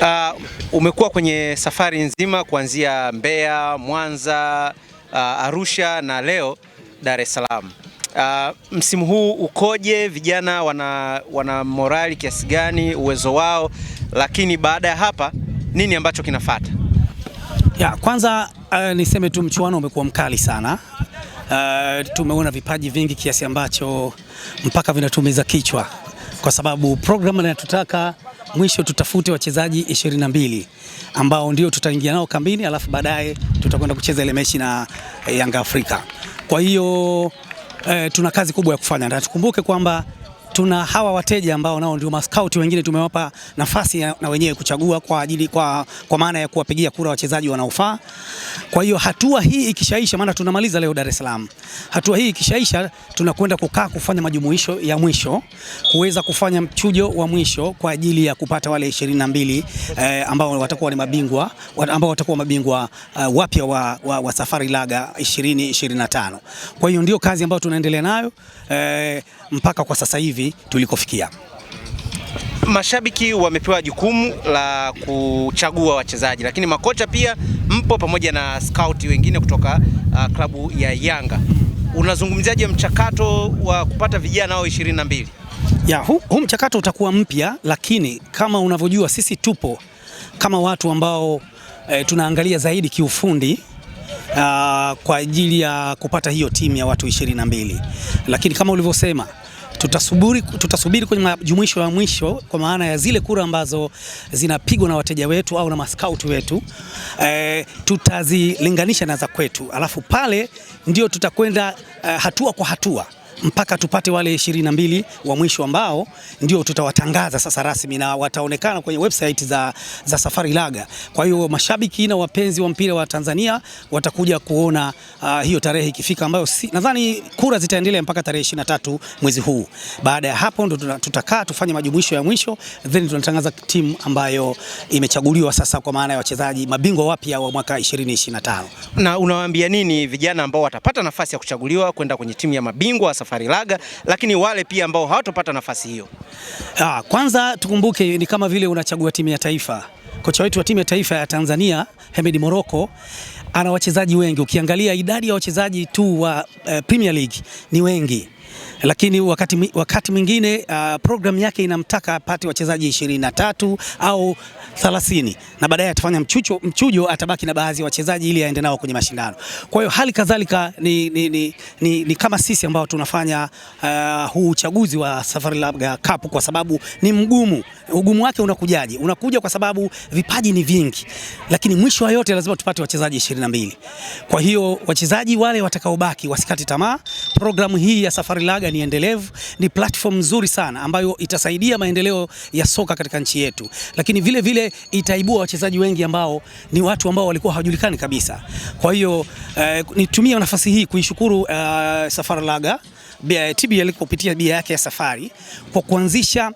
Uh, umekuwa kwenye safari nzima kuanzia Mbeya, Mwanza, uh, Arusha na leo Dar es Salaam. Uh, msimu huu ukoje? Vijana wana, wana morali kiasi gani? Uwezo wao, lakini baada ya hapa nini ambacho kinafata Ya, kwanza uh, niseme tu mchuano umekuwa mkali sana. Uh, tumeona vipaji vingi kiasi ambacho mpaka vinatumiza kichwa kwa sababu program inatutaka mwisho tutafute wachezaji 22 ambao ndio tutaingia nao kambini, alafu baadaye tutakwenda kucheza ile mechi na eh, Yanga Afrika. Kwa hiyo e, tuna kazi kubwa ya kufanya na tukumbuke kwamba tuna hawa wateja ambao nao ndio maskauti wengine, tumewapa nafasi na wenyewe kuchagua kwa ajili kwa, kwa maana ya kuwapigia kura wachezaji wanaofaa. Kwa hiyo hatua hii ikishaisha, maana tunamaliza leo Dar es Salaam, hatua hii ikishaisha, tunakwenda kukaa kufanya majumuisho ya mwisho kuweza kufanya mchujo wa mwisho kwa ajili ya kupata wale 22 eh, ambao watakuwa ni mabingwa ambao watakuwa mabingwa uh, wapya wa, wa, wa Safari Laga 2025. Kwa hiyo ndio kazi ambayo tunaendelea nayo eh, mpaka kwa sasa hivi hivi tulikofikia. Mashabiki wamepewa jukumu la kuchagua wachezaji, lakini makocha pia mpo pamoja na scout wengine kutoka uh, klabu ya Yanga. Unazungumziaje mchakato wa kupata vijana hao 22? Ya, huu hu mchakato utakuwa mpya, lakini kama unavyojua sisi tupo kama watu ambao e, tunaangalia zaidi kiufundi aa, ah, kwa ajili ya kupata hiyo timu ya watu 22, lakini kama ulivyosema tutasubiri, tutasubiri kwenye majumuisho ya mwisho kwa maana ya zile kura ambazo zinapigwa na wateja wetu au na maskauti wetu e, tutazilinganisha na za kwetu, alafu pale ndio tutakwenda e, hatua kwa hatua mpaka tupate wale ishirini na mbili wa mwisho ambao ndio tutawatangaza sasa rasmi na wataonekana kwenye website za, za Safari Laga. Kwa hiyo mashabiki na wapenzi wa mpira wa Tanzania watakuja kuona uh, hiyo tarehe ikifika, ambayo si, nadhani kura zitaendelea mpaka tarehe 23 mwezi huu. Baada ya hapo ndo tutakaa tufanye majumuisho ya mwisho, then tunatangaza timu ambayo imechaguliwa sasa, kwa maana ya wachezaji mabingwa wapya wa mwaka 2025. Na unawaambia nini vijana ambao watapata nafasi ya kuchaguliwa kwenda kwenye timu ya mabingwa laga lakini wale pia ambao hawatopata nafasi hiyo. Ah, kwanza tukumbuke ni kama vile unachagua timu ya taifa. Kocha wetu wa timu ya taifa ya Tanzania Hemed Moroko ana wachezaji wengi, ukiangalia idadi ya wachezaji tu wa eh, Premier League ni wengi lakini wakati, wakati mwingine uh, program yake inamtaka apate wachezaji 23 au 30 na baadaye atafanya mchucho, mchujo atabaki na baadhi ya wachezaji ili aende nao kwenye mashindano. Kwa hiyo hali kadhalika ni, ni, ni, ni, ni kama sisi ambao tunafanya uh, huu uchaguzi wa Safari Laga Cup kwa sababu ni mgumu. Ugumu wake unakujaje? Unakuja kwa sababu vipaji ni vingi, lakini mwisho wa yote lazima tupate wachezaji 22. Kwa hiyo wachezaji wale watakaobaki wasikate tamaa Programu hii ya Safari Laga ni endelevu, ni platform nzuri sana ambayo itasaidia maendeleo ya soka katika nchi yetu, lakini vile vile itaibua wachezaji wengi ambao ni watu ambao walikuwa hawajulikani kabisa. Kwa hiyo eh, nitumie nafasi hii kuishukuru uh, Safari Laga TBL kupitia bia yake ya Safari kwa kuanzisha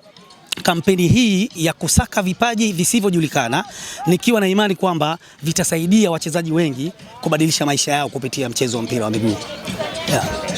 kampeni hii ya kusaka vipaji visivyojulikana, nikiwa na imani kwamba vitasaidia wachezaji wengi kubadilisha maisha yao kupitia mchezo wa mpira wa miguu yeah.